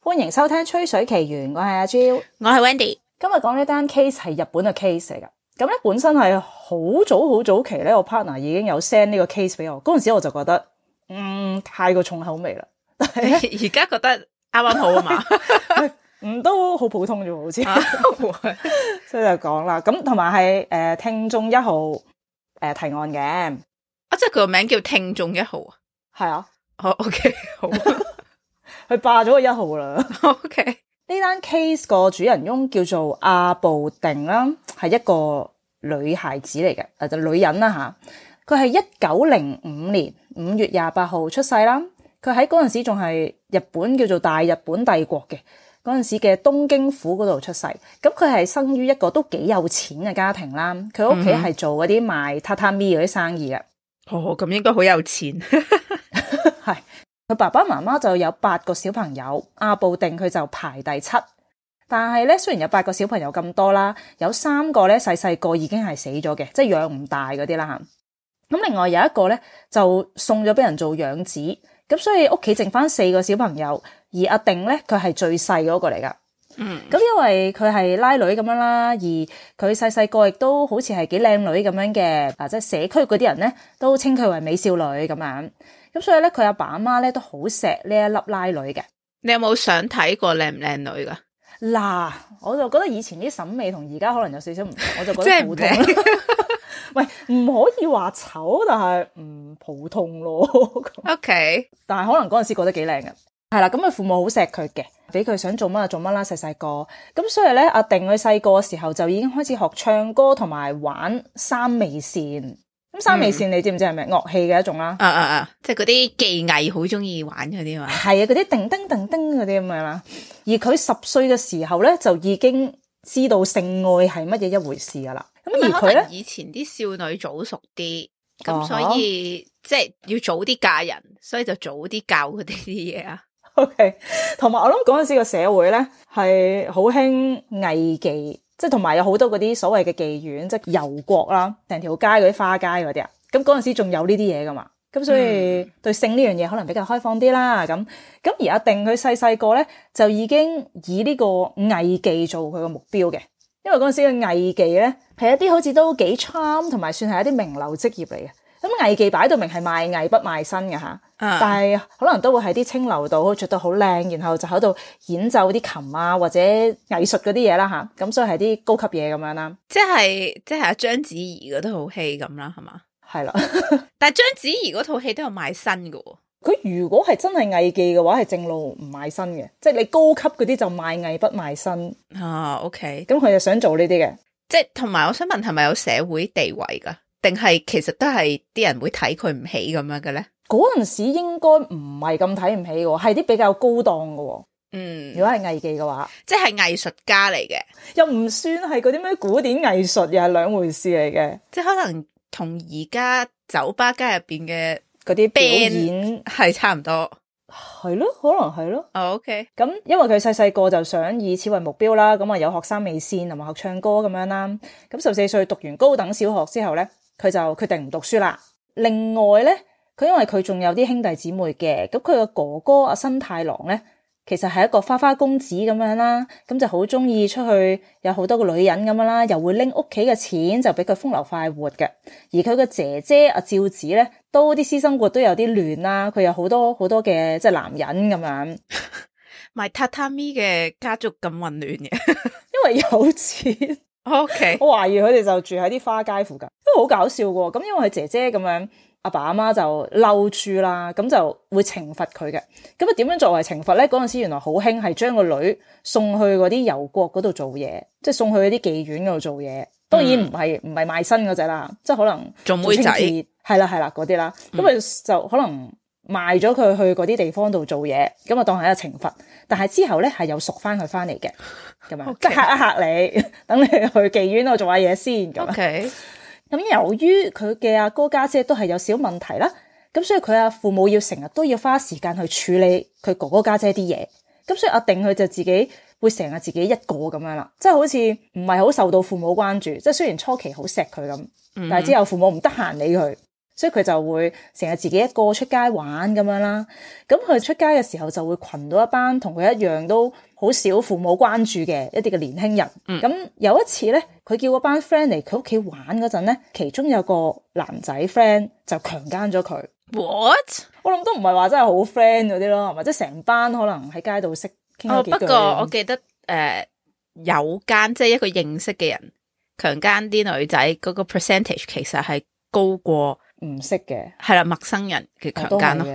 歡迎收聽《吹水奇緣》，我係阿 Jill，我係 Wendy。今日講呢單 case 係日本嘅 case 嚟㗎。咁咧本身係好早好早期咧，我 partner 已經有 send 呢個 case 俾我。嗰陣時我就覺得，嗯，太過重口味啦。但係而 家覺得啱啱好啊嘛。 唔都好普通啫，好似，啊、 所以就講啦。咁同埋係誒聽眾一號誒、呃、提案嘅，啊即係佢個名叫聽眾一號啊，係、哦、啊，好 OK，好，佢 霸咗個一號啦。OK，呢單 case 個主人翁叫做阿部定啦，係一個女孩子嚟嘅、呃，女人啦、啊、吓。佢係一九零五年五月廿八號出世啦。佢喺嗰陣時仲係日本叫做大日本帝國嘅。嗰陣時嘅東京府嗰度出世，咁佢係生於一個都幾有錢嘅家庭啦。佢屋企係做嗰啲賣榻榻，榻米嗰啲生意嘅、嗯。哦，咁應該好有錢。係， 佢爸爸媽媽就有八個小朋友，阿部定佢就排第七。但係咧，雖然有八個小朋友咁多啦，有三個咧細細個已經係死咗嘅，即係養唔大嗰啲啦嚇。咁另外有一個咧就送咗俾人做養子，咁所以屋企剩翻四個小朋友。而阿定咧，佢係最細嗰個嚟噶。嗯，咁因為佢係拉女咁樣啦，而佢細細個亦都好似係幾靚女咁樣嘅。即係社區嗰啲人咧，都稱佢為美少女咁樣。咁所以咧，佢阿爸阿媽咧都好錫呢一粒拉女嘅。你有冇想睇過靚唔靚女噶？嗱，我就覺得以前啲審美同而家可能有少少唔同。我就覺得普通喂，唔 可以話醜，但係唔普通咯。 OK，但係可能嗰陣時覺得幾靚嘅。係啦，咁佢父母好錫佢嘅，俾佢想做乜就做乜啦。細細個咁，所以咧，阿定佢細個嘅時候就已經開始學唱歌同埋玩三味線。咁三味線你知唔知係咪樂器嘅一種啦，啊？啊啊啊，即係嗰啲技藝好中意玩嗰啲嘛？係啊，嗰啲叮叮叮叮嗰啲咁樣啦。而佢十歲嘅時候咧，就已經知道性愛係乜嘢一回事噶啦。咁而佢咧，以前啲少女早熟啲，咁所以，哦，即係要早啲嫁人，所以就早啲教佢啲啲嘢啊。O K，同埋我諗嗰陣時個社會咧，係好興藝妓，即係同埋有好多嗰啲所謂嘅妓院，即係遊國啦，成條街嗰啲花街嗰啲啊，咁嗰陣時仲有呢啲嘢噶嘛，咁所以對性呢樣嘢可能比較開放啲啦，咁咁而阿定佢細細個咧，就已經以呢個藝妓做佢個目標嘅，因為嗰陣時嘅藝妓咧，係一啲好似都幾 charm，同埋算係一啲名流職業嚟嘅。咁藝妓擺到明係賣藝不賣身嘅吓、嗯，但係可能都會喺啲清流度着到好靚，然後就喺度演奏啲琴啊或者藝術嗰啲嘢啦吓，咁、啊、所以係啲高級嘢，咁樣啦。即係即係章子怡嗰套戲咁啦，係嘛？係啦， 但係章子怡嗰套戲都有賣身噶。佢如果係真係藝妓嘅話，係正路唔賣身嘅，即係你高級嗰啲就賣藝不賣身啊。OK，咁佢又想做呢啲嘅，即係同埋我想問係咪有社會地位噶？定係其實都係啲人會睇佢唔起咁樣嘅咧？嗰陣時應該唔係咁睇唔起，係啲比較高檔嘅。嗯，如果係藝妓嘅話，即係藝術家嚟嘅，又唔算係嗰啲咩古典藝術，又係兩回事嚟嘅。即係可能同而家酒吧街入邊嘅嗰啲表演係差唔多，係咯，可能係咯。哦、oh，OK。咁因為佢細細個就想以此為目標啦，咁，啊有學生未先，同埋學唱歌咁樣啦。咁十四歲讀完高等小學之後咧。佢就決定唔讀書啦。另外咧，佢因為佢仲有啲兄弟姊妹嘅，咁佢個哥哥阿新太郎咧，其實係一個花花公子咁樣啦，咁就好中意出去，有好多個女人咁樣啦，又會拎屋企嘅錢就俾佢風流快活嘅。而佢個姐姐阿趙子咧，都啲私生活都有啲亂啦，佢有好多好多嘅即係男人咁樣。m 榻榻 a 嘅家族咁混亂嘅， 因為有錢。O、okay. K，我懷疑佢哋就住喺啲花街附近，都好搞笑喎。咁因為佢姐姐咁樣，阿爸阿媽就嬲住啦，咁就會懲罰佢嘅。咁啊，點樣作為懲罰咧？嗰陣時原來好興係將個女送去嗰啲遊國嗰度做嘢，即係送去嗰啲妓院嗰度做嘢。當然唔係唔係賣身嗰隻啦，即係可能做清潔，妹仔係啦係啦嗰啲啦。咁佢就可能。嗯賣咗佢去嗰啲地方度做嘢，咁就當係一個懲罰。但係之後咧係又贖翻佢翻嚟嘅，okay. 咁樣即係吓一吓你，等你去妓院度做下嘢先，咁樣。咁、okay. 由於佢嘅阿哥家姐都係有少問題啦，咁所以佢阿父母要成日都要花時間去處理佢哥哥家姐啲嘢，咁所以阿定佢就自己會成日自己一個咁樣啦，即係好似唔係好受到父母關注。即係雖然初期好錫佢咁，但係之後父母唔得閒理佢。Mm. 所以佢就會成日自己一個出街玩咁樣啦。咁佢出街嘅時候就會群到一班同佢一樣都好少父母關注嘅一啲嘅年輕人。咁、嗯、有一次咧，佢叫嗰班 friend 嚟佢屋企玩嗰陣咧，其中有個男仔 friend 就強姦咗佢。What？我諗都唔係話真係好 friend 嗰啲咯，或者成班可能喺街度識傾多幾句、哦、不過我記得誒、呃、有間即係一個認識嘅人強姦啲女仔嗰個 percentage 其實係高過。唔識嘅，係啦，陌生人嘅強奸咯。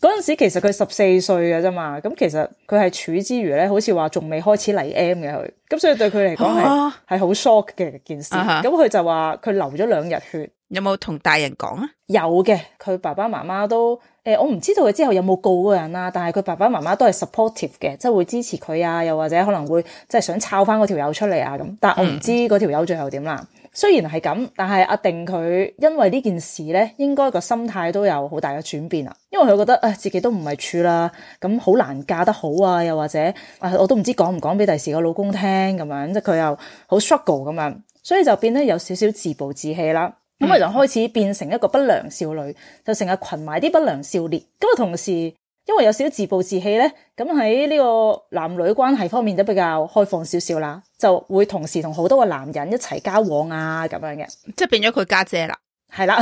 嗰陣時其實佢十四歲嘅啫嘛，咁其實佢係處之餘咧，好似話仲未開始嚟 M 嘅佢，咁所以對佢嚟講係係好 shock 嘅件事。咁、啊、佢就話佢流咗兩日血，有冇同大人講啊？有嘅，佢爸爸媽媽都誒、呃，我唔知道佢之後有冇告嗰人啦、啊，但係佢爸爸媽媽都係 supportive 嘅，即係會支持佢啊，又或者可能會即係想抄翻嗰條友出嚟啊咁，但係我唔知嗰條友最後點啦。嗯雖然係咁，但係阿定佢因為呢件事咧，應該個心態都有好大嘅轉變啦。因為佢覺得啊自己都唔係處啦，咁好難嫁得好啊，又或者啊我都唔知講唔講俾第時個老公聽咁樣，即係佢又好 struggle 咁樣，所以就變得有少少自暴自棄啦。咁、嗯、啊就開始變成一個不良少女，就成日群埋啲不良少年。咁啊同時。因為有少少自暴自棄咧，咁喺呢個男女關係方面都比較開放少少啦，就會同時同好多個男人一齊交往啊，咁樣嘅，即係變咗佢家姐啦，係啦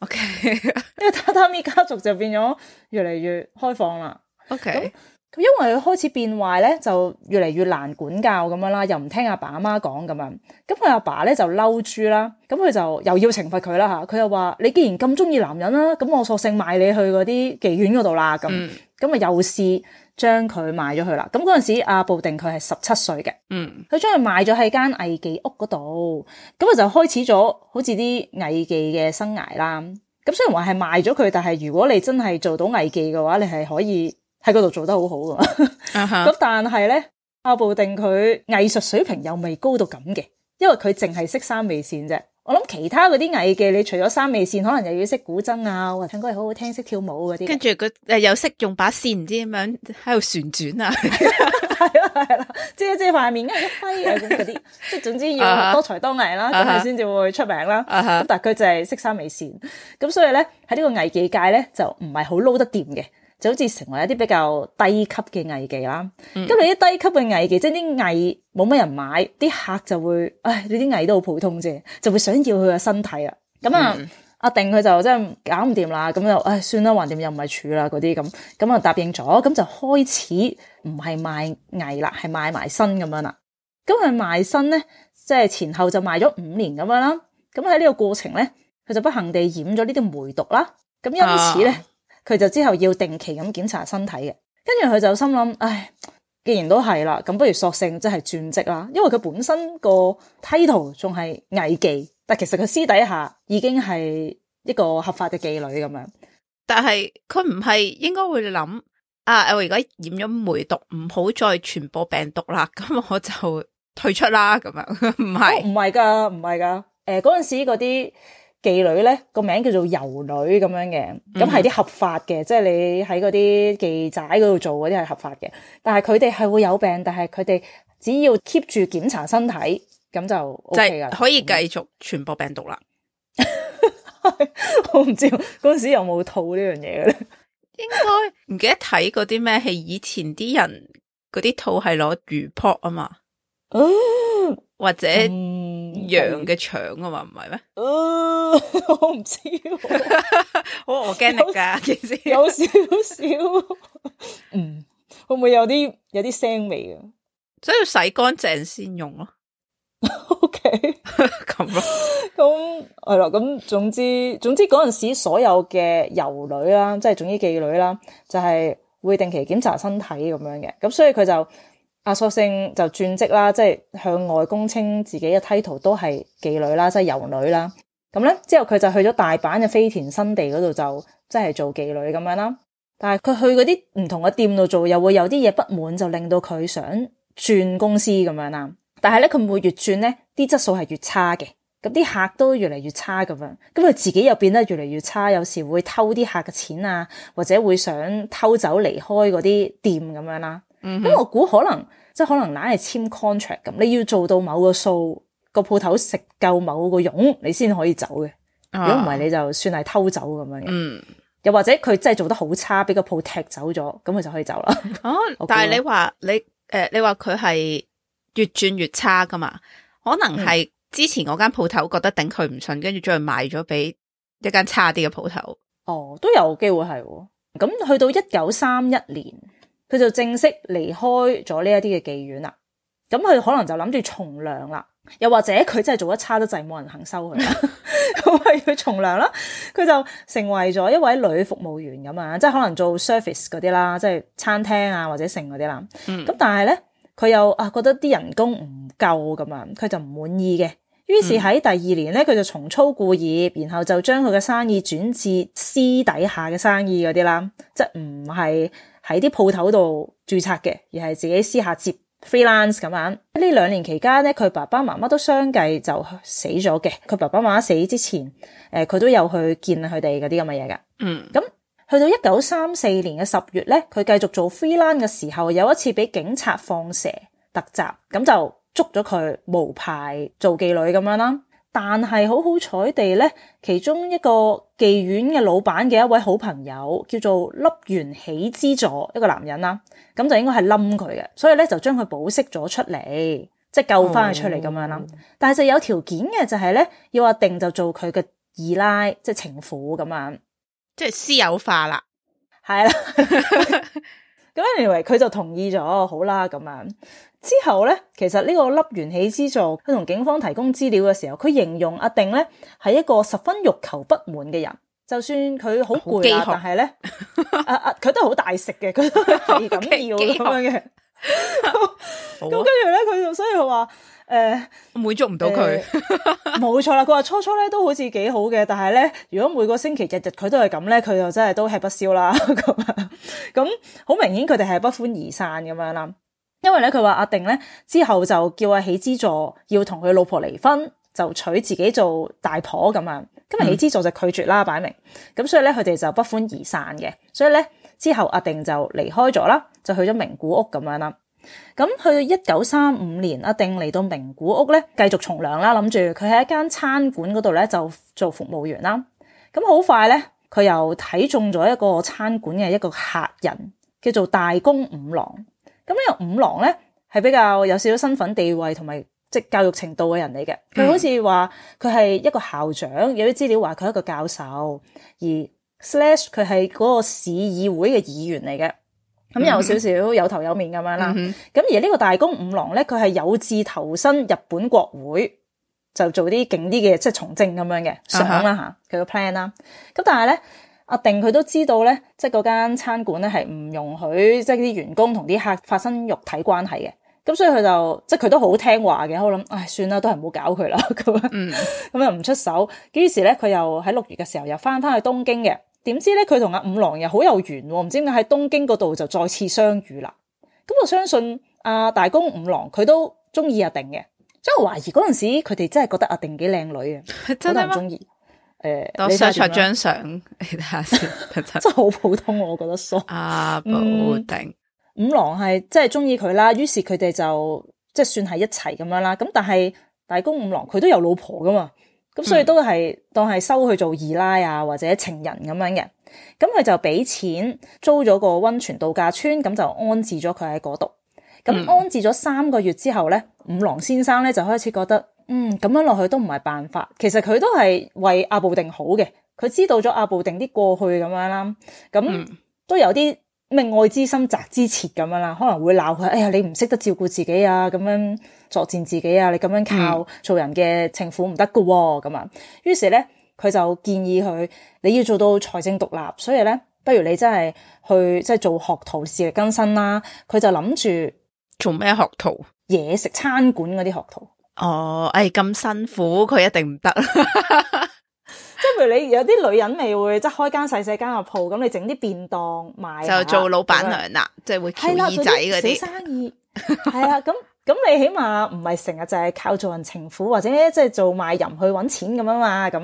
，OK，因 為榻榻米家族就變咗越嚟越開放啦，OK。咁因為佢開始變壞咧，就越嚟越難管教咁樣啦，又唔聽阿爸阿媽講咁樣。咁佢阿爸咧就嬲豬啦，咁佢就又要懲罰佢啦吓。佢又話你既然咁中意男人啦，咁我索性賣你去嗰啲妓院嗰度啦。咁咁啊，又試將佢賣咗佢啦。咁嗰陣時，阿部定佢係十七歲嘅。嗯，佢將佢賣咗喺間藝妓屋嗰度，咁佢就開始咗好似啲藝妓嘅生涯啦。咁雖然話係賣咗佢，但係如果你真係做到藝妓嘅話，你係可以。喺嗰度做得好好噶，咁但係咧，阿部定佢藝術水平又未高到咁嘅，因為佢淨係識三味線啫。我諗其他嗰啲藝技，你除咗三味線，可能又要識古箏啊，唱歌係好好聽，識跳舞嗰啲。跟住佢又識用把扇，唔知點樣喺度旋轉啊，係啦係啦，遮遮塊面，一揮啊嗰啲，即係、啊啊啊啊、 總之要多才多藝啦，咁佢先至會出名啦。咁、uh-huh. 但係佢就係識三味線，咁所以咧喺呢個藝技界咧就唔係好撈得掂嘅。就好似成為一啲比較低級嘅藝妓啦，咁你啲低級嘅藝妓，即係啲藝冇乜人買，啲客就會，唉，你啲藝都好普通啫，就會想要佢嘅身體啦。咁啊、嗯，阿定佢就真係搞唔掂啦，咁就唉，算啦，橫掂又唔係處啦，嗰啲咁，咁啊答應咗，咁就開始唔係賣藝啦，係賣埋身咁樣啦。咁佢賣身咧，即係前後就賣咗五年咁樣啦。咁喺呢個過程咧，佢就不幸地染咗呢啲梅毒啦。咁因此咧。啊佢就之後要定期咁檢查身體嘅，跟住佢就心諗，唉，既然都係啦，咁不如索性即係轉職啦，因為佢本身個梯 i 仲係藝妓，但其實佢私底下已經係一個合法嘅妓女咁樣。但係佢唔係應該會諗啊，我而家染咗梅毒，唔好再傳播病毒啦，咁我就退出啦咁樣。唔係，唔係㗎，唔係㗎。誒嗰陣時嗰啲妓女咧，個名叫做遊女咁樣嘅，咁係啲合法嘅，嗯，即係你喺嗰啲妓仔嗰度做嗰啲係合法嘅。但係佢哋係會有病，但係佢哋只要 keep 住檢查身體，咁就，OK 即係，可以繼續傳播病毒啦。 我唔知嗰陣時有冇套呢樣嘢咧？應該唔記得睇嗰啲咩，係以前啲人嗰啲套係攞魚扑啊嘛。哦或者羊嘅腸啊嘛，唔係咩？我唔知，我我驚力噶，其實 有少少， 嗯，會唔會有啲有啲腥味啊？所以要洗乾淨先用咯。O K，咁咯，咁係啦，咁總之總之嗰陣時所有嘅遊女啦，即係總之妓女啦，就係會定期檢查身體咁樣嘅，咁所以佢就。阿索性就轉職啦，即係向外公稱自己嘅 title 都係妓女啦，即係遊女啦。咁咧之後佢就去咗大阪嘅飛田新地嗰度，就即係做妓女咁樣啦。但係佢去嗰啲唔同嘅店度做，又會有啲嘢不滿，就令到佢想轉公司咁樣啦。但係咧佢會越轉咧，啲質素係越差嘅，咁啲客都越嚟越差咁樣，咁佢自己又變得越嚟越差，有時會偷啲客嘅錢啊，或者會想偷走離開嗰啲店咁樣啦。嗯，咁我估可能即係可能，懶係簽 contract 咁，你要做到某個數個鋪頭食夠某個佣，你先可以走嘅。如果唔係，你就算係偷走咁樣嘅。嗯，又或者佢真係做得好差，俾個鋪踢走咗，咁佢就可以走啦。哦、啊，但係你話你誒，你話佢係越轉越差噶嘛，可能係之前嗰間鋪頭覺得頂佢唔順，跟住將佢賣咗俾一間差啲嘅鋪頭。哦，都有機會係、哦。咁去到一九三一年。佢就正式離開咗呢一啲嘅妓院啦，咁佢可能就諗住從良啦，又或者佢真係做得差得滯，冇人肯收佢，咁咪要從良啦。佢就成為咗一位女服務員咁啊，即係可能做 service 嗰啲啦，即係餐廳啊或者剩嗰啲啦。咁、嗯、但係咧，佢又啊覺得啲人工唔夠咁樣，佢就唔滿意嘅。於是喺第二年咧，佢就重操故業，然後就將佢嘅生意轉至私底下嘅生意嗰啲啦，即係唔係。喺啲鋪頭度註冊嘅，而係自己私下接 freelance 咁樣。呢兩年期間咧，佢爸爸媽媽都相繼就死咗嘅。佢爸爸媽媽死之前，誒，佢都有去見佢哋嗰啲咁嘅嘢噶。嗯，咁去到一九三四年嘅十月咧，佢繼續做 freelance 嘅時候，有一次俾警察放蛇突襲，咁就捉咗佢無牌做妓女咁樣啦。但係好好彩地咧，其中一個妓院嘅老闆嘅一位好朋友叫做笠元喜之助，一個男人啦，咁就應該係冧佢嘅，所以咧就將佢保釋咗出嚟，即係救翻佢出嚟咁樣啦。但係就有條件嘅，就係咧要阿定就做佢嘅二奶，即係情婦咁樣，即係私有化啦，係啦。咁，認為佢就同意咗，好啦咁樣。之後咧，其實呢個粒元起之助，佢同警方提供資料嘅時候，佢形容阿定咧係一個十分欲求不滿嘅人，就算佢好攰啦，但係咧、 啊，啊啊，佢都好大食嘅，佢都係咁要咁樣嘅。咁跟住咧，佢就所以話。誒、呃，滿足唔到佢，呃，冇錯啦。佢話初初咧都好似幾好嘅，但係咧如果每個星期日日佢都係咁咧，佢就真係都吃不消啦。咁咁好明顯佢哋係不歡而散咁樣啦。因為咧佢話阿定咧之後就叫阿喜之助要同佢老婆離婚，就娶自己做大婆咁樣。咁阿喜之助就拒絕啦，擺、嗯、明。咁所以咧佢哋就不歡而散嘅。所以咧之後阿定就離開咗啦，就去咗名古屋咁樣啦。咁去到一九三五年，阿定嚟到名古屋咧，繼續從良啦，諗住佢喺一間餐館嗰度咧就做服務員啦。咁好快咧，佢又睇中咗一個餐館嘅一個客人，叫做大宮五郎。咁呢個五郎咧係比較有少少身份地位同埋即係教育程度嘅人嚟嘅。佢好似話佢係一個校長，有啲資料話佢係一個教授，而 slash 佢係嗰個市議會嘅議員嚟嘅。咁、嗯嗯、有少少有頭有面咁樣啦，咁、嗯、而呢個大公五郎咧，佢係有志投身日本國會，就做啲勁啲嘅，即、就、係、是、從政咁樣嘅想啦吓，佢個 plan 啦。咁、啊、但係咧，阿定佢都知道咧，即係嗰間餐館咧係唔容許即係啲員工同啲客發生肉體關係嘅。咁所以佢就即係佢都好聽話嘅，我諗唉、哎，算啦，都係唔好搞佢啦咁樣。咁又唔出手。於是咧，佢又喺六月嘅時候又翻翻去東京嘅。點知咧，佢同阿五郎又好有緣，唔知點解喺東京嗰度就再次相遇啦。咁我相信阿大公五郎佢都中意阿定嘅，所以我懷疑嗰陣時佢哋真係覺得阿定幾靚女啊，好多人中意。誒、呃，我上載張相，你睇下先，下 真係好普通，我覺得阿部、啊、定、嗯、五郎係真係中意佢啦，於是佢哋就即係算係一齊咁樣啦。咁但係大公五郎佢都有老婆噶嘛。咁、嗯、所以都係當係收佢做二奶啊，或者情人咁樣嘅。咁佢就俾錢租咗個溫泉度假村，咁就安置咗佢喺嗰度。咁安置咗三個月之後咧、嗯，五郎先生咧就開始覺得，嗯，咁樣落去都唔係辦法。其實佢都係為阿部定好嘅，佢知道咗阿部定啲過去咁樣啦，咁、嗯、都有啲咩愛之深責之切咁樣啦，可能會鬧佢，哎呀，你唔識得照顧自己啊咁樣。作戰自己啊！你咁樣靠做人嘅情婦唔得嘅喎，咁、嗯、啊。於是咧，佢就建議佢你要做到財政獨立，所以咧，不如你真係去即係做學徒，自力更生啦、啊。佢就諗住做咩學徒？嘢食餐館嗰啲學徒。哦，哎咁辛苦，佢一定唔得。 即係譬如你有啲女人未會即係開間細細間嘅鋪，咁你整啲便當賣，就做老闆娘啦，即、就、係、是就是、會調耳仔嗰啲、啊、生意。係 啊，咁。咁你起碼唔係成日就係靠做人情婦，或者即係做賣淫去搵錢咁啊嘛，咁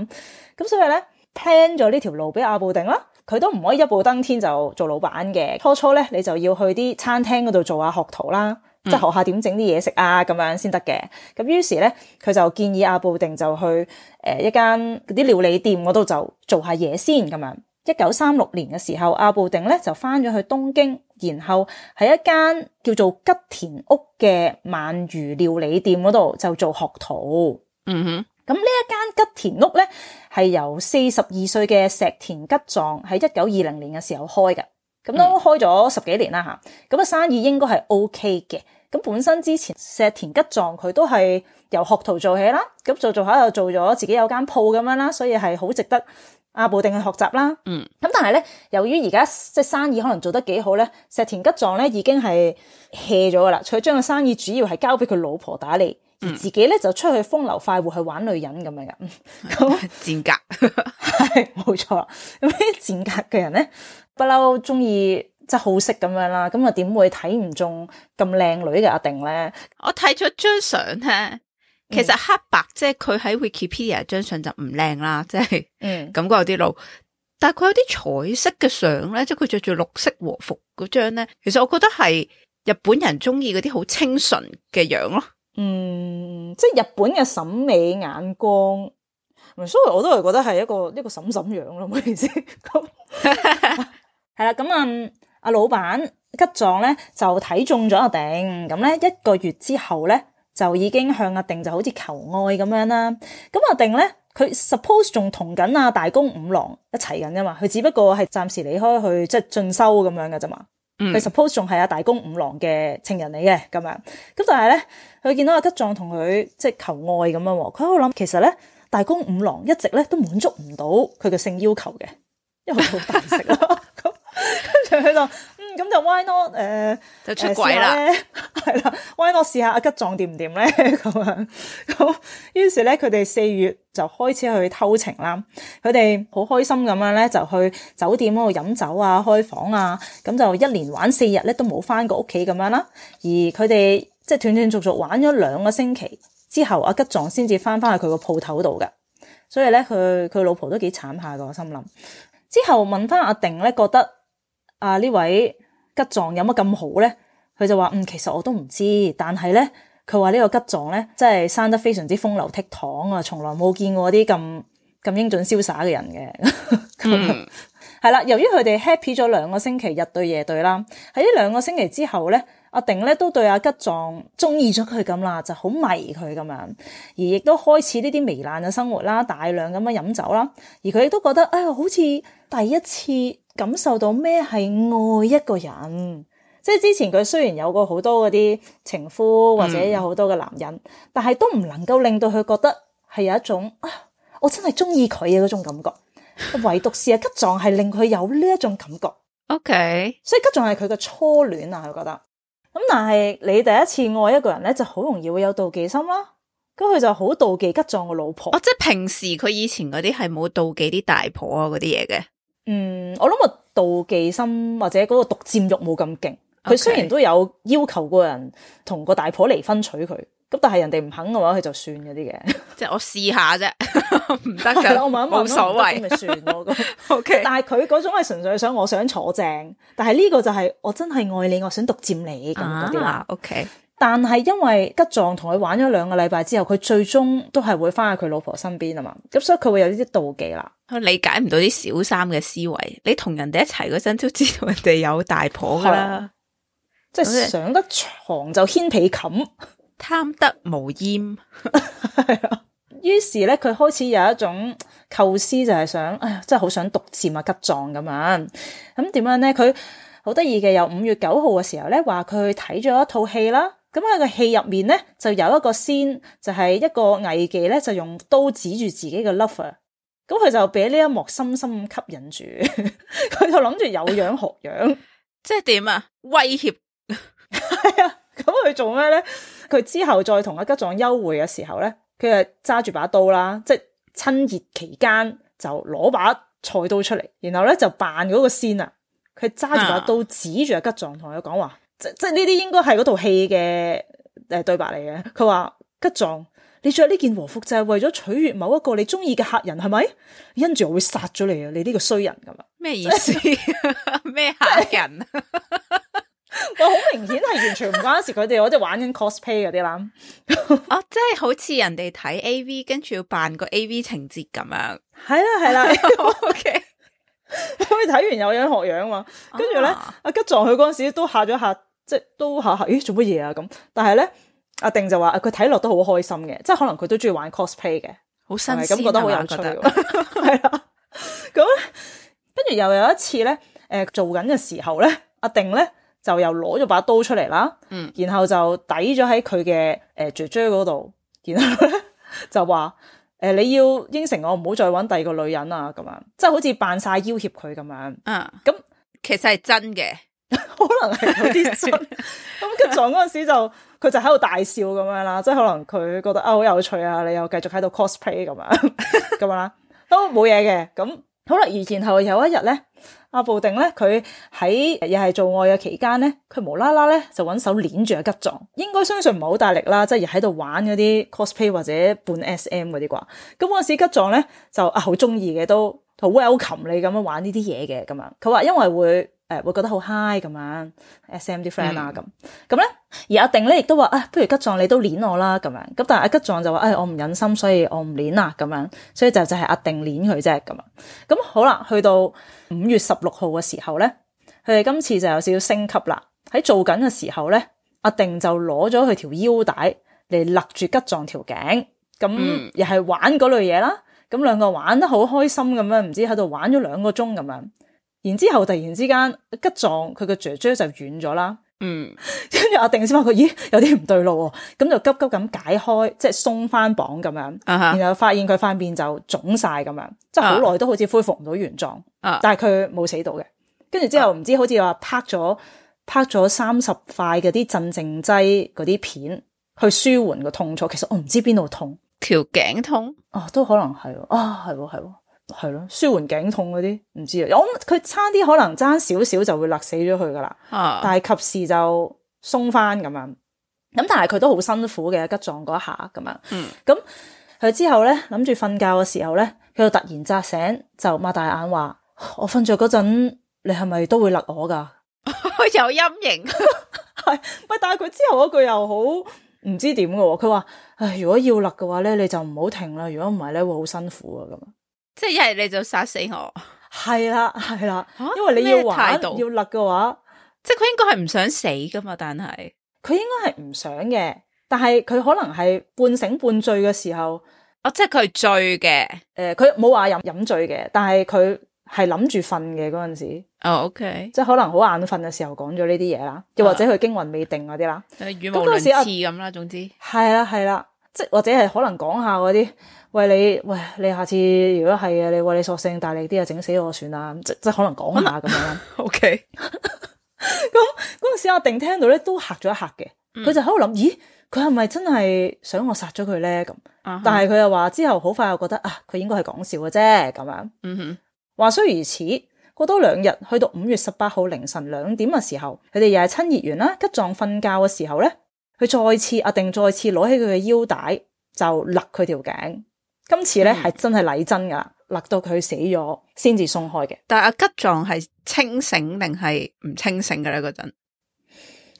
咁所以咧 plan 咗呢條路俾阿部定啦，佢都唔可以一步登天就做老闆嘅，初初咧你就要去啲餐廳嗰度做下學徒啦，嗯、即係學下點整啲嘢食啊咁樣先得嘅。咁於是咧佢就建議阿部定就去誒、呃、一間嗰啲料理店嗰度就做下嘢先咁樣。一九三六年嘅時候，阿部定咧就返咗去了東京，然後喺一間叫做吉田屋嘅鰻魚料理店嗰度就做學徒。嗯哼，咁呢一間吉田屋咧係由四十二歲嘅石田吉藏喺一九二零年嘅時候開嘅，咁都開咗十幾年啦吓，咁、嗯、啊生意應該係 OK 嘅。咁本身之前石田吉藏佢都係由學徒做起啦，咁做做下又做咗自己有間鋪咁樣啦，所以係好值得。阿部定去學習啦，嗯，咁但係咧，由於而家即係生意可能做得幾好咧，石田吉藏咧已經係 hea 咗噶啦佢將個生意主要係交俾佢老婆打理，嗯、而自己咧就出去風流快活去玩女人咁樣噶，咁 賤賤格係冇錯，咁啲賤格嘅人咧不嬲中意即係好色咁樣啦，咁又點會睇唔中咁靚女嘅阿定咧？我睇咗張相咧。其實黑白即係佢喺 Wikipedia 張相就唔靚啦，即係感覺有啲老，嗯、但係佢有啲彩色嘅相咧，即係佢着住綠色和服嗰張咧，其實我覺得係日本人中意嗰啲好清純嘅樣咯。嗯，即係日本嘅審美眼光，所以我都係覺得係一個一、這個審審樣咯，唔好意思。咁係啦，咁啊阿老闆吉藏咧就睇中咗阿定，咁咧一個月之後咧。就已經向阿定就好似求愛咁樣啦，咁阿定咧，佢 suppose 仲同緊阿大公五郎一齊緊噶嘛，佢只不過係暫時離開去即係進修咁樣噶咋嘛，佢、嗯、suppose 仲係阿大公五郎嘅情人嚟嘅，咁樣，咁但係咧，佢見到阿德壯同佢即係求愛咁樣，佢喺度諗，其實咧大公五郎一直咧都滿足唔到佢嘅性要求嘅，因為佢好大食咯， 就喺度。咁就 why not？誒、uh,，就出軌啦，係啦 ，why not 試下阿吉壯掂唔掂咧？咁樣咁，於是咧，佢哋四月就開始去偷情啦。佢哋好開心咁樣咧，就去酒店嗰度飲酒啊、開房啊，咁就一連玩四日咧，都冇翻過屋企咁樣啦。而佢哋即係斷斷續續玩咗兩個星期之後，阿吉壯先至翻翻去佢個鋪頭度嘅。所以咧，佢佢老婆都幾慘下噶，我心諗。之後問翻阿定咧，覺得啊呢位吉藏有乜咁好咧？佢就話，嗯，其實我都唔知，但係咧，佢話呢個吉藏咧，真係生得非常之風流倜儻啊，從來冇見過啲咁咁英俊瀟灑嘅人嘅。係 啦、嗯， 由於佢哋 happy 咗兩個星期，日對夜對啦，喺呢兩個星期之後咧。阿定咧都對阿吉藏中意咗佢咁啦，就好迷佢咁樣，而亦都開始呢啲糜爛嘅生活啦，大量咁樣飲酒啦，而佢亦都覺得呀、哎、好似第一次感受到咩係愛一個人，即係之前佢雖然有過好多嗰啲情夫或者有好多嘅男人，嗯、但係都唔能夠令到佢覺得係有一種啊，我真係中意佢嘅嗰種感覺，唯獨是啊吉藏係令佢有呢一種感覺。OK， 所以吉藏係佢嘅初戀啊，佢覺得。咁但係你第一次愛一個人咧，就好容易會有妒忌心啦。咁佢就好妒忌吉狀嘅老婆。哦、啊，即係平時佢以前嗰啲係冇妒忌啲大婆啊嗰啲嘢嘅。嗯，我諗啊妒忌心或者嗰個獨佔慾冇咁勁。佢、okay. 雖然都有要求過人同個大婆離婚娶佢。咁但係人哋唔肯嘅話，佢就算嗰啲嘅，即係我試下啫，唔得嘅，我冇冇所謂咁咪算咯。 o、okay. K，但係佢嗰種係純粹想我想坐正，但係呢個就係我真係愛你，我想獨占你咁嗰啲啦。啊、o、okay. K，但係因為吉藏同佢玩咗兩個禮拜之後，佢最終都係會翻喺佢老婆身邊啊嘛，咁所以佢會有呢啲妒忌啦， 理解唔到啲小三嘅思維。你同人哋一齊嗰陣，都知道人哋有大婆噶啦，即係 上得床就掀被冚。 貪得無厭， 於是咧，佢開始有一種構思，就係想，哎呀，真係好想獨佔啊吉藏咁樣。咁點樣咧？佢好得意嘅，由五月九號嘅時候咧，話佢去睇咗一套戲啦。咁喺個戲入面咧，就有一個 scene，就係一個藝伎咧，就用刀指住自己嘅 lover。咁佢就俾呢一幕深深吸引住，佢 就諗住有樣學樣。 即係點啊？威脅 咁佢做咩咧？佢之後再同阿吉藏幽會嘅時候咧，佢係揸住把刀啦，即係親熱期間就攞把菜刀出嚟，然後咧就扮嗰個仙啊！佢揸住把刀指住阿吉藏，同佢講話：即即係呢啲應該係嗰套戲嘅誒對白嚟嘅。佢話吉藏，你着呢件和服就係為咗取悅某一個你中意嘅客人，係咪？因住我會殺咗你啊！你呢個衰人咁啊。」咩意思？咩 客人啊？ 我 好明顯係完全唔關事，佢哋我哋玩緊 cosplay 嗰啲啦。啊、 oh，即係好似人哋睇 A V，跟住要扮個 A V 情節咁樣。係啦，係啦。O K，可以睇完有樣學樣嘛？跟住咧，阿、oh. 吉藏佢嗰陣時都吓咗吓，即係都吓吓，咦，做乜嘢啊？咁，但係咧，阿定就話佢睇落都好開心嘅，即係可能佢都中意玩 cosplay 嘅，好新鮮，咁覺，覺得好有趣。係 啦， 咁跟住又有一次咧，誒、呃，做緊嘅時候咧，阿定咧。就又攞咗把刀出嚟啦、嗯，然後就抵咗喺佢嘅、誒 JJ 嗰度，然後呢就話誒、呃、你要應承我唔好再搵第二個女人啊，咁樣即係好似扮晒要挾佢咁樣，咁、嗯、其實係真嘅， 可能係有啲真。咁跟住我嗰陣時就佢就喺度大笑咁樣啦，即係可能佢覺得啊好有趣啊，你又繼續喺度 cosplay 咁樣咁 樣啦，都冇嘢嘅。咁好啦，而然後有一日咧。阿、啊、部定咧，佢喺又係做愛嘅期間咧，佢無啦啦咧就揾手鏈住阿吉藏，應該相信唔係好大力啦，即係喺度玩嗰啲 cosplay 或者半 SM 嗰啲啩。咁嗰時吉藏咧就啊好中意嘅，都好 welcome 你咁樣玩呢啲嘢嘅咁樣。佢話因為會誒、呃、會覺得好 high 咁、啊嗯、樣，SM 啲 friend 啊咁。咁咧而阿定咧亦都話啊，不如吉藏你都鏈我啦咁樣。咁但係阿吉藏就話誒、哎、我唔忍心，所以我唔鏈啦咁樣。所以就就係阿定鏈佢啫咁啊。咁好啦，去到。五月十六號嘅時候咧，佢哋今次就有少少升級啦。喺做緊嘅時候咧，阿定就攞咗佢條腰帶嚟勒住吉撞條頸，咁又係玩嗰類嘢啦。咁兩個玩得好開心咁樣，唔知喺度玩咗兩個鐘咁樣。然之後突然之間，吉撞佢個嚼嚼就軟咗啦。嗯，跟住阿定先發覺，咦，有啲唔對路，咁就急急咁解開，即係鬆翻綁咁樣。然後發現佢塊面就腫晒咁樣，uh-huh. 即係好耐都好似恢復唔到原狀。但係佢冇死到嘅，跟住之後唔知好似話拍咗拍咗三十塊嗰啲鎮靜劑嗰啲片去舒緩個痛楚。其實我唔知邊度痛，條頸痛啊，都可能係啊，係係係咯，舒緩頸痛嗰啲唔知啊。我佢差啲可能爭少少就會勒死咗佢噶啦，但係及時就鬆翻咁樣。咁但係佢都好辛苦嘅，急撞嗰下咁樣。咁、嗯、佢之後咧諗住瞓覺嘅時候咧，佢就突然扎醒，就擘大眼話。我瞓着嗰陣，你係咪都會勒我噶？ 有陰陰影係， 但係佢之後嗰句又好唔知點嘅。佢話，唉，如果要勒嘅話咧，你就唔好停啦。如果唔係咧，會好辛苦啊。咁，即係一係你就殺死我。係啦，係啦、啊，因為你要話度，要勒嘅話，即係佢應該係唔想死噶嘛。但係佢應該係唔想嘅，但係佢可能係半醒半醉嘅時候。哦、啊，即係佢醉嘅。誒、呃，佢冇話飲飲醉嘅，但係佢。係諗住瞓嘅嗰陣時，哦、oh，OK，即係可能好眼瞓嘅時候講咗呢啲嘢啦，又或者佢驚魂未定嗰啲啦，語無倫次咁啦，總之係啦係啦，即係或者係可能講下嗰啲，喂你喂你下次如果係啊，你喂你索性大力啲啊，整死我算啦，即係可能講下咁樣。 OK，咁嗰陣時阿定聽到咧都嚇咗一吓嘅，佢、mm. 就喺度諗，咦，佢係咪真係想我殺咗佢咧？咁，uh-huh.，但係佢又話之後好快又覺得啊，佢應該係講笑嘅啫，咁樣。嗯哼。話雖如此，過多兩日，去到五月十八號凌晨兩點嘅時候，佢哋又係親熱完啦，吉藏瞓覺嘅時候咧，佢再次阿定，再次攞起佢嘅腰帶就勒佢條頸，今次咧係真係嚟真噶，勒、嗯、到佢死咗先至鬆開嘅。但係阿吉藏係清醒定係唔清醒嘅咧？嗰陣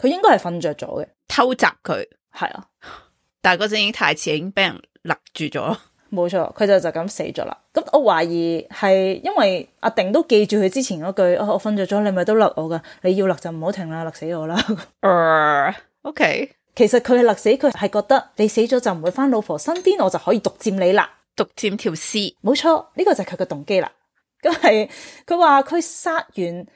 佢應該係瞓着咗嘅，偷襲佢係啊，但係嗰陣已經太遲，已經俾人勒住咗。冇錯，佢就就咁死咗啦。咁我懷疑係因為阿定都記住佢之前嗰句：哦、我瞓着咗，你咪都勒我噶。你要勒就唔好停啦，勒死我啦。 uh, o、okay. K，其實佢係勒死佢，係覺得你死咗就唔會翻老婆身邊，我就可以獨佔你啦，獨佔條屍。冇錯，呢、這個就係佢嘅動機啦。咁係佢話佢殺完佢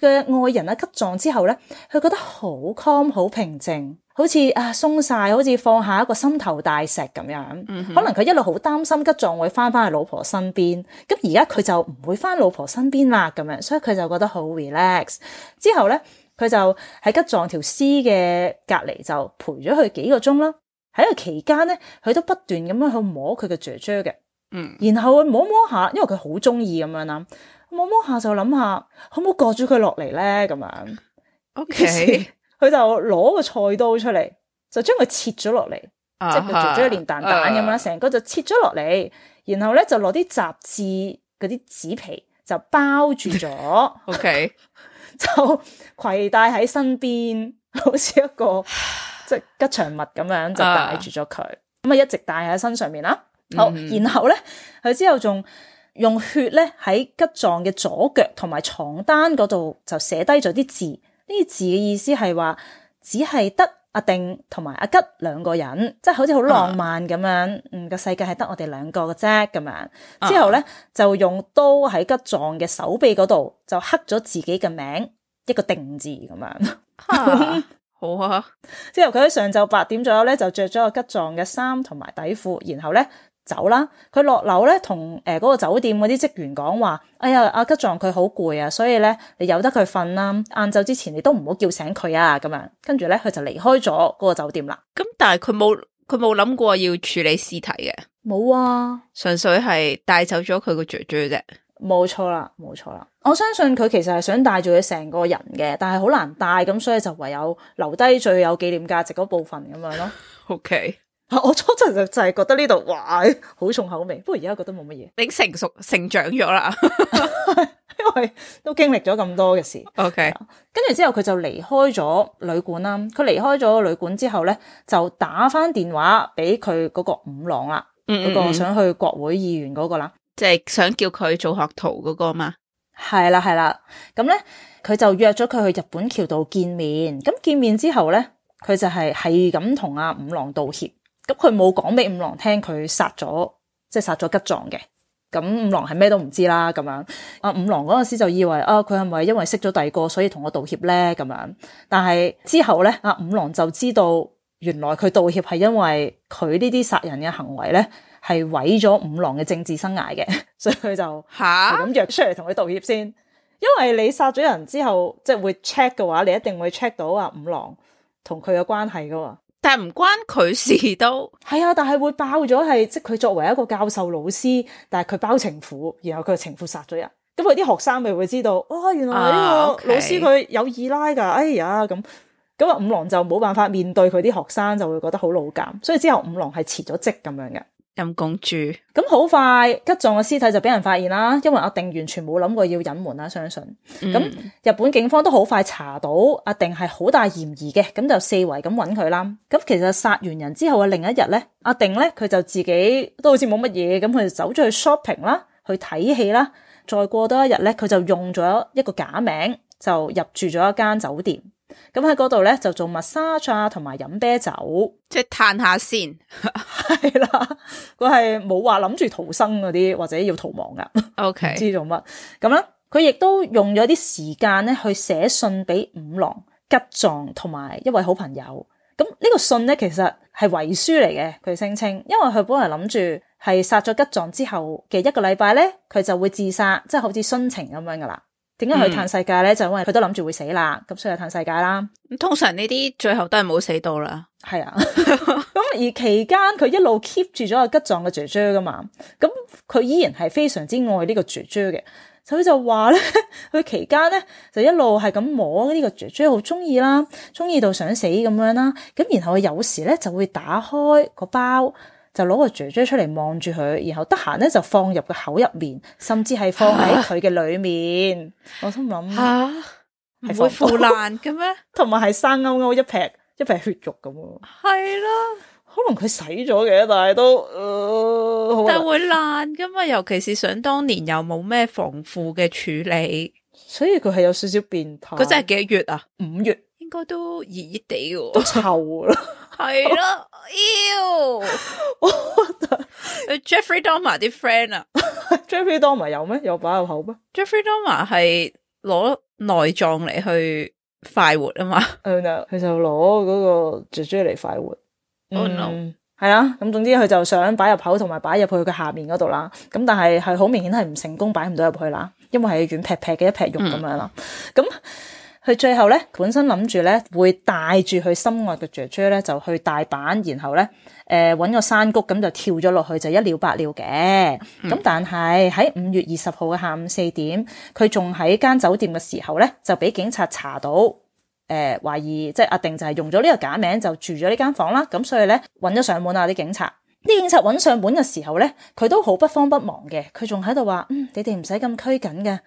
嘅愛人啊，吉藏之後咧，佢覺得好 calm，好平靜。好似啊，鬆晒，好似放下一個心頭大石咁樣、嗯。可能佢一路好擔心吉藏會翻翻去老婆身邊，咁而家佢就唔會翻老婆身邊啦，咁樣，所以佢就覺得好 relax。之後咧，佢就喺吉藏條屍嘅隔籬就陪咗佢幾個鐘啦。喺個期間咧，佢都不斷咁樣去摸佢嘅雀雀嘅，嗯，然後去摸摸下，因為佢好中意咁樣諗，摸摸下就諗下可唔可割咗佢落嚟咧，咁、okay，樣。O K。佢就攞個菜刀出嚟，就將佢切咗落嚟，uh-huh. Uh-huh. 即係佢做咗一連蛋蛋咁啦，成個就切咗落嚟，然後咧就攞啲雜誌嗰啲紙皮就包住咗 ，OK， 就攜帶喺身邊，好似一個、uh-huh. 即係吉祥物咁樣，就帶住咗佢，咁、uh-huh. 啊一直帶喺身上面啦。好，然後咧佢之後仲用血咧喺吉藏嘅左腳同埋床單嗰度就寫低咗啲字。呢字嘅意思係話，只係得阿定同埋阿吉兩個人，即係好似好浪漫咁樣、啊。嗯，個世界係得我哋兩個嘅啫咁樣。之後咧就用刀喺吉藏嘅手臂嗰度就刻咗自己嘅名，一個定字咁樣、 啊。好啊。之後佢喺上晝八點左右咧就着咗個吉藏嘅衫同埋底褲，然後咧。走啦！佢落樓咧，同誒嗰個酒店嗰啲職員講話，哎呀，阿吉撞佢好攰啊，所以咧，你由得佢瞓啦。晏晝之前，你都唔好叫醒佢啊。咁樣，跟住咧，佢就離開咗嗰個酒店啦。咁但係佢冇，佢冇諗過要處理屍體嘅，冇啊。純粹係帶走咗佢個雀雀啫。冇錯啦，冇錯啦。我相信佢其實係想帶住佢成個人嘅，但係好難帶，咁所以就唯有留低最有紀念價值嗰部分咁樣咯。 OK。我初陣就就係覺得呢度哇，好重口味。不過而家覺得冇乜嘢，你成熟成長咗啦， 因為都經歷咗咁多嘅事。O K，跟住之後佢就離開咗旅館啦。佢離開咗旅館之後咧，就打返電話俾佢嗰個五郎啦，嗰、mm-hmm. 個想去國會議員嗰、嗰個啦，即、就、係、係、想叫佢做學徒嗰個嘛。係啦係啦，咁咧佢就約咗佢去日本橋度見面。咁見面之後咧，佢就係係咁同阿五郎道歉。咁佢冇講俾五郎聽，佢殺咗，即係殺咗吉藏嘅。咁五郎係咩都唔知啦。咁樣、啊，五郎嗰陣時就以為啊，佢係咪因為識咗第二個，所以同我道歉咧？咁樣，但係之後咧，阿、啊、五郎就知道原來佢道歉係因為佢呢啲殺人嘅行為咧，係毀咗五郎嘅政治生涯嘅。所以佢就吓咁約出嚟同佢道歉先。因為你殺咗人之後，即係會 check 嘅話，你一定會 check 到啊五郎同佢嘅關係噶。但係唔關佢事都係啊！但係會爆咗係，即係佢作為一個教授老師，但係佢包情婦，然後佢情婦殺咗人。咁佢啲學生咪會知道？哇、哦！原來呢個、oh, okay. 老師佢有二奶噶，哎呀咁。咁啊，五郎就冇辦法面對佢啲學生，就會覺得好老尷，所以之後五郎係辭咗職咁樣嘅。陰功豬咁，好快吉葬嘅屍體就俾人發現啦，因為阿定完全冇諗過要隱瞞啦，相信咁、嗯、日本警方都好快查到阿定係好大嫌疑嘅，咁就四圍咁揾佢啦。咁其實殺完人之後嘅另一日咧，阿定咧佢就自己都好似冇乜嘢，咁佢就走咗去 shopping 啦，去睇戲啦。再過多一日咧，佢就用咗一個假名就入住咗一間酒店。咁喺嗰度咧就做密沙 s 同埋飲啤酒，即係嘆下先，係 啦。佢係冇話諗住逃生嗰啲，或者要逃亡噶。O、okay. K，知道做乜咁啦。佢亦都用咗啲時間咧去寫信俾五郎吉藏同埋一位好朋友。咁呢個信咧其實係遺書嚟嘅，佢聲稱，因為佢本來諗住係殺咗吉藏之後嘅一個禮拜咧，佢就會自殺，即、就、係、是、好似殉情咁樣噶啦。點解佢嘆世界咧、嗯？就是、因為佢都諗住會死啦，咁所以嘆世界啦。咁通常呢啲最後都係冇死到啦。係啊，咁而期間佢一路 keep 住咗個吉藏嘅姐姐噶嘛，咁佢依然係非常之愛呢個姐姐嘅。所以就話咧，佢、啊、 期間咧就，就一路係咁摸呢個姐姐，好中意啦，中意到想死咁樣啦。咁然後佢有時咧就會打開個包。就攞個咀咀出嚟望住佢，然後得閒咧就放入個口入面，甚至係放喺佢嘅裏面。啊、我心諗吓，唔、啊、會腐爛嘅咩？同埋係生勾勾一劈一劈血肉咁啊！係啦，可能佢洗咗嘅，但係都、呃，但會爛噶嘛？尤其是想當年又冇咩防腐嘅處理，所以佢係有少少變態。佢真係幾月啊？五月應該都熱熱哋，都臭啦。 係咯，妖 我樂 Jeffrey Dahmer 啲 friend 啊？Jeffrey Dahmer 有咩？有擺入口咩？Jeffrey Dahmer 係攞內臟嚟去快活啊嘛，佢就攞嗰個 JJ 嚟快活，嗯，係啊，咁總之佢就想擺入口，同埋擺入去佢下面嗰度啦。咁但係係好明顯係唔成功，擺唔到入去啦，因為係軟劈劈嘅一劈肉咁樣啦，咁。佢最後咧，本身諗住咧會帶住佢心愛嘅 JJ 呢咧，就去大阪，然後咧，誒、呃，揾個山谷咁就跳咗落去，就一了百了嘅。咁、嗯、但係喺五月二十號嘅下午四點，佢仲喺間酒店嘅時候咧，就俾警察查到，誒、呃，懷疑即係阿定就係用咗呢個假名就住咗呢間房啦。咁所以咧，揾咗上門啊啲警察，啲警察揾上門嘅時候咧，佢都好不慌不忙嘅，佢仲喺度話，嗯，你哋唔使咁拘謹嘅。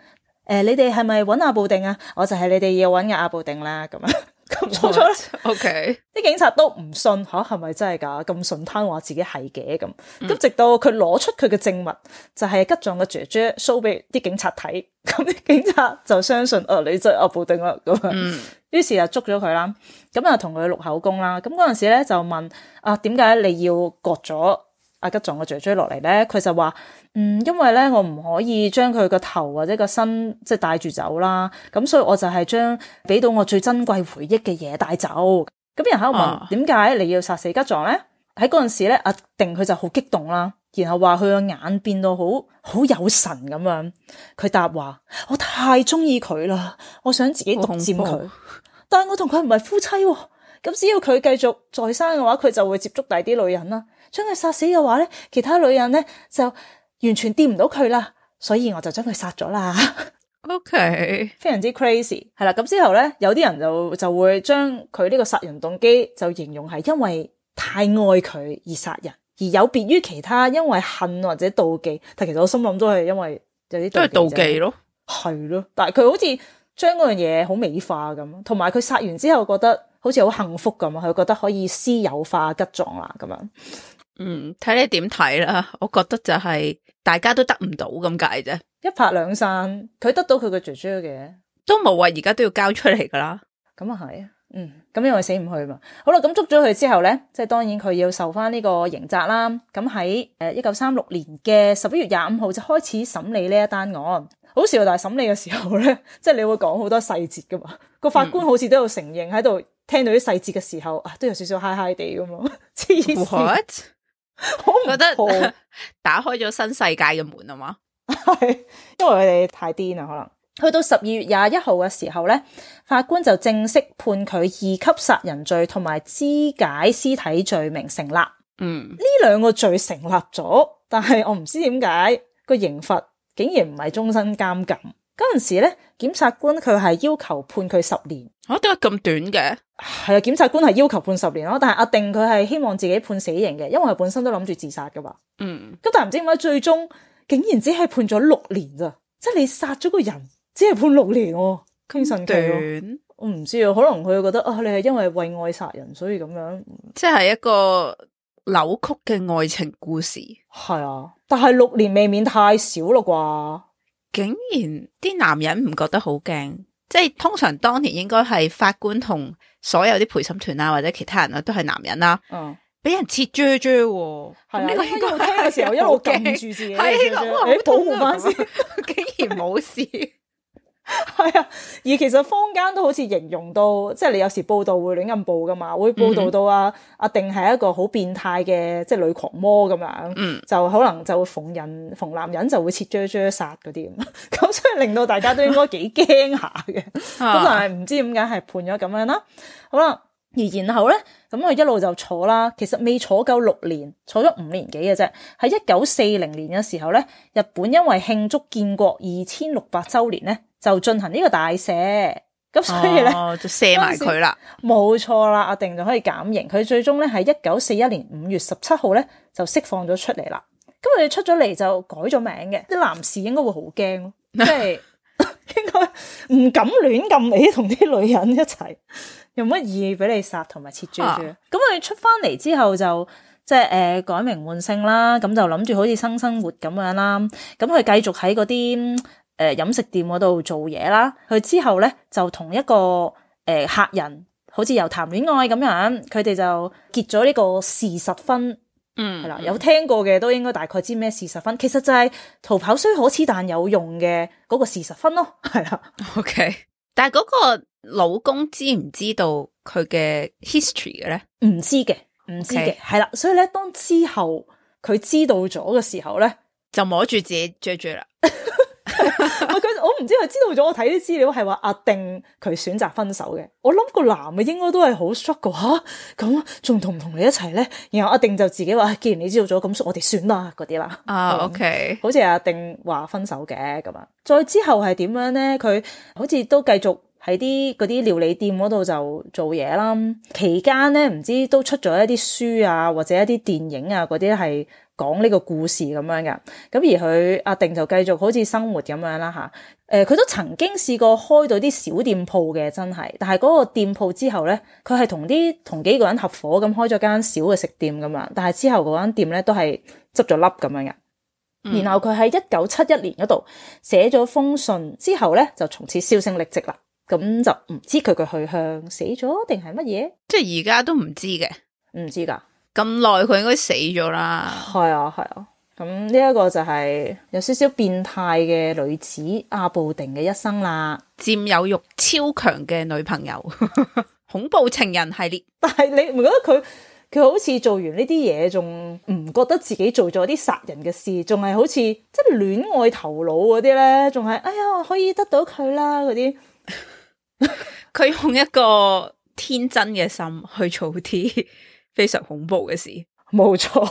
誒、呃，你哋係咪揾阿布定啊？我就係你哋要揾嘅阿部定啦，咁樣咁錯咗 OK，啲警察都唔信，吓係咪真係噶？咁順攤話自己係嘅，咁咁直到佢攞出佢嘅證物，就係、是、吉藏嘅 JJ show 俾啲警察睇，咁啲警察就相信，誒、啊，你真係阿部定啦。咁，於是就捉咗佢啦，咁又同佢錄口供啦。咁嗰陣時咧就問，啊，點解你要割咗？阿吉藏個 JJ 落嚟咧，佢就話：嗯，因為咧，我唔可以將佢個頭或者個身即係帶住走啦。咁所以我就係將俾到我最珍貴回憶嘅嘢帶走。咁人喺度問：點、啊、解你要殺死吉藏咧？喺嗰陣時咧，阿定佢就好激動啦，然後話佢個眼變到好好有神咁樣。佢答話：我太中意佢啦，我想自己獨佔佢。但係我同佢唔係夫妻，啊，咁只要佢繼續在生嘅話，佢就會接觸第啲女人啦，啊。將佢殺死嘅話咧，其他女人咧就完全掂唔到佢啦，所以我就將佢殺咗啦。 OK，非常之 crazy 係啦。咁之後咧，有啲人就就會將佢呢個殺人動機就形容係因為太愛佢而殺人，而有別於其他因為恨或者妒忌。但其實我心諗都係因為有啲都係妒忌咯，係咯。但係佢好似將嗰樣嘢好美化咁，同埋佢殺完之後覺得好似好幸福咁啊，佢覺得可以私有化吉狀啦咁樣。嗯，睇你點睇啦，我覺得就係大家都得唔到咁解啫，一拍兩散，佢得到佢個 JJ 嘅，都冇話而家都要交出嚟噶啦，咁啊係，嗯，咁因為死唔去嘛，好啦，咁捉咗佢之後咧，即係當然佢要受翻呢個刑責啦，咁喺誒一九三六年嘅十一月廿五號就開始審理呢一單案，好笑，但係審理嘅時候咧，即係你會講好多細節噶嘛，個、嗯、法官好似都有承認喺度聽到啲細節嘅時候啊，都有少少嗨嗨地咁咯，痴線。我 覺得打開咗新世界嘅門啊嘛， 因為佢哋太癲啦，可能去到十二月廿一號嘅時候咧，法官就正式判佢二級殺人罪同埋肢解屍體罪名成立。嗯，呢兩個罪成立咗，但係我唔知點解個刑罰竟然唔係終身監禁。嗰陣時咧，檢察官佢係要求判佢十年，吓，點解咁短嘅？係啊，檢察官係要求判十年咯，但係阿定佢係希望自己判死刑嘅，因為佢本身都諗住自殺噶嘛。嗯。咁但係唔知點解最終竟然只係判咗六年咋？即係你殺咗個人，只係判六年喎、啊，驚神斷、啊。我唔知啊，可能佢會覺得啊，你係因為為愛殺人，所以咁樣，即係一個扭曲嘅愛情故事。係啊，但係六年未免太少啦啩。竟然啲男人唔覺得好驚？即係通常當年應該係法官同所有啲陪審團啊，或者其他人啊，都係男人啦、啊。嗯，俾人切啫啫，呢、啊，這個應該聽嘅時候一路驚住自己，係呢個好保護翻，先竟然冇事。 係啊，而其實坊間都好似形容到，即係你有時報道會亂咁報噶嘛，會報道到啊、嗯、阿定係一個好變態嘅，即係女狂魔咁樣，嗯，就可能就會逢人逢男人就會切啫啫殺嗰啲咁，所 以令到大家都應該幾驚下嘅，咁 但係唔知點解係判咗咁樣啦，好啦，而然後咧，咁佢一路就坐啦，其實未坐夠六年，坐咗五年幾嘅啫。喺一九四零年嘅時候咧，日本因為慶祝建國二千六百周年咧。就進行呢個大赦，咁所以咧、哦、就赦埋佢啦，冇錯啦，阿定就可以減刑。佢最終咧喺一九四一年五月十七號咧就釋放咗出嚟啦。咁佢出咗嚟就改咗名嘅，啲男士應該會好驚，即、就、係、是、 應該唔敢亂咁你同啲女人一齊，有乜意義俾你殺同埋切住住。咁、啊、佢出翻嚟之後就即係、就是呃、改名換姓啦，咁就諗住好似新生，生活咁樣啦，咁佢繼續喺嗰啲。誒，飲食店嗰度做嘢啦，佢之後咧就同一個誒、呃、客人，好似由談戀愛咁樣，佢哋就結咗呢個事實婚，嗯係啦，有聽過嘅都應該大概知咩事實婚，其實就係逃跑雖可恥但有用嘅嗰個事實婚咯，係啦，OK。但係嗰個老公知唔知道佢嘅 history 嘅咧？唔知嘅，唔知嘅係啦，所以咧，當之後佢知道咗嘅時候咧，就摸住自己 JJ 啦。 我唔知佢知道咗，我睇啲資料係話阿定佢選擇分手嘅，我諗個男嘅應該都係好 shock 噶吓，咁仲同唔同你一齊咧？然後阿定就自己話，既然你知道咗咁，我哋算啦嗰啲啦。啊，嗯，OK，好似阿定話分手嘅咁樣。再之後係點樣咧？佢好似都繼續喺啲嗰啲料理店嗰度就做嘢啦。期間咧，唔知都出咗一啲書啊，或者一啲電影啊嗰啲係。講呢個故事咁樣嘅，咁而佢阿定就繼續好似生活咁樣啦吓，誒、呃，佢都曾經試過開到啲小店鋪嘅，真係，但係嗰個店鋪之後咧，佢係同啲同幾個人合伙咁開咗間小嘅食店咁樣，但係之後嗰間店咧都係執咗笠咁樣嘅，嗯，然後佢喺一九七一年嗰度寫咗封信之後咧，就從此銷聲匿跡啦，咁就唔知佢嘅去向，死咗定係乜嘢？即係而家都唔知嘅，唔知噶。咁耐佢應該死咗啦，係啊，係啊。咁呢一個就係有少少變態嘅女子阿部定嘅一生啦，佔有欲超強嘅女朋友， 恐怖情人系列。 但係你唔覺得佢佢好似做完呢啲嘢，仲唔覺得自己做咗啲殺人嘅事，仲係好似即係戀愛頭腦嗰啲咧？仲係哎呀可以得到佢啦嗰啲。佢 用一個天真嘅心去做啲 D-。非常恐怖嘅事，冇錯。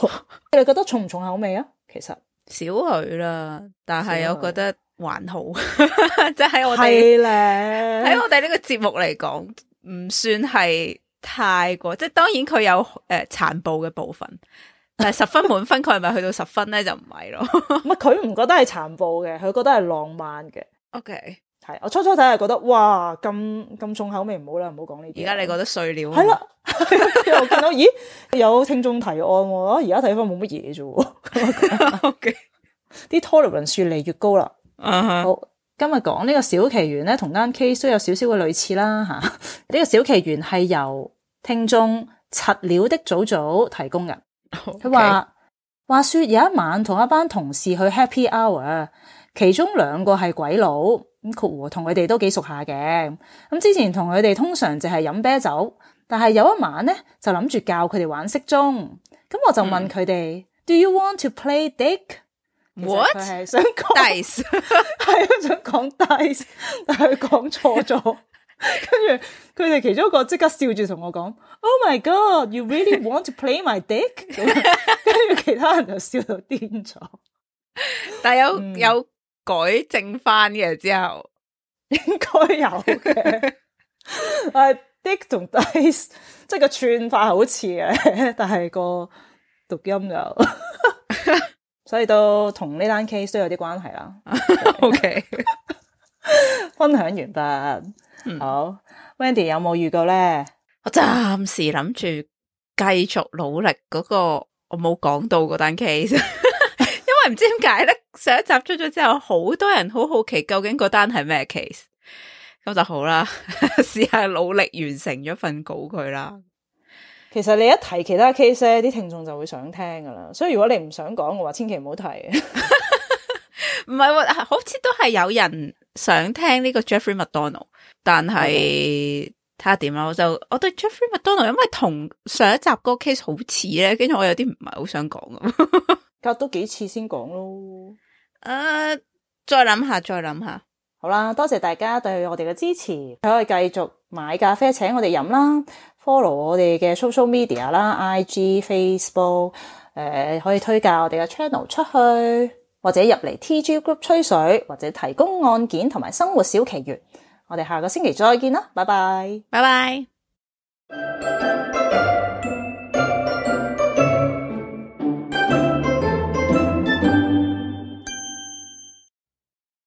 你哋覺得重唔重口味啊？其實少許啦，但係我覺得還好。即係 我哋喺我哋呢個節目嚟講，唔算係太過。即係當然佢有誒殘暴嘅部分，但係十分滿分，佢係咪去到十分咧？就唔係咯。係佢唔覺得係殘暴嘅，佢覺得係浪漫嘅。OK，係我初初睇係覺得哇，咁咁重口味，唔好啦，唔好講呢啲。而家你覺得碎料係啦。又 我見到，咦，有聽眾提案喎。而家睇返冇乜嘢啫。啲 tolerance 越嚟越高啦。Uh-huh. 好，今日講呢個小奇懸咧，同啱 case 都有少少嘅類似啦。吓，呢個小奇懸係由聽眾七料的祖祖提供嘅。佢、okay. 話話說有一晚，同一班同事去 Happy Hour，其中兩個係鬼佬咁括同佢哋都幾熟下嘅。咁之前同佢哋通常就係飲啤酒。但係有一晚咧，就諗住教佢哋玩骰盅，咁我就問佢哋：Do you want to play dick？What？佢係想講，係啊，想講 dice，但係佢講錯咗。跟住佢哋其中一個即刻笑住同我講：Oh my god！You really want to play my dick？跟住其他人就笑到癲咗。但係有有改正翻嘅之後，應該有嘅。誒。同 dice 即係個串法好似嘅，但係個讀音就， 所以都同呢單 case 都有啲關係啦。 OK， 分享完畢、嗯。好，Wendy 有冇預告咧？我暫時諗住繼續努力嗰、嗰個我冇講到嗰單 case，因為唔知點解咧，上一集出咗之後，好多人好好奇究竟嗰單係咩 case。咁就好啦，試下努力完成咗份稿佢啦。其實你一提其他 case 咧，啲聽眾就會想聽噶啦。所以如果你唔想講嘅話，千祈唔好提。唔 係，好似都係有人想聽呢個 Jeffrey McDonald，但係睇下點啦。我就，我對 Jeffrey McDonald，因為同上一集個 case 好似咧，跟住我有啲唔係好想講噶。隔 多幾次先講咯？誒，uh，再諗下，再諗下。好啦，多謝大家對我哋嘅支持，佢可以繼續買咖啡請我哋飲啦，follow 我哋嘅 social media 啦，IG Facebook、呃、Facebook，誒可以推介我哋嘅 channel 出去，或者入嚟 TG group 吹水，或者提供案件同埋生活小奇懸，我哋下個星期再見啦，拜拜，拜拜。拜拜。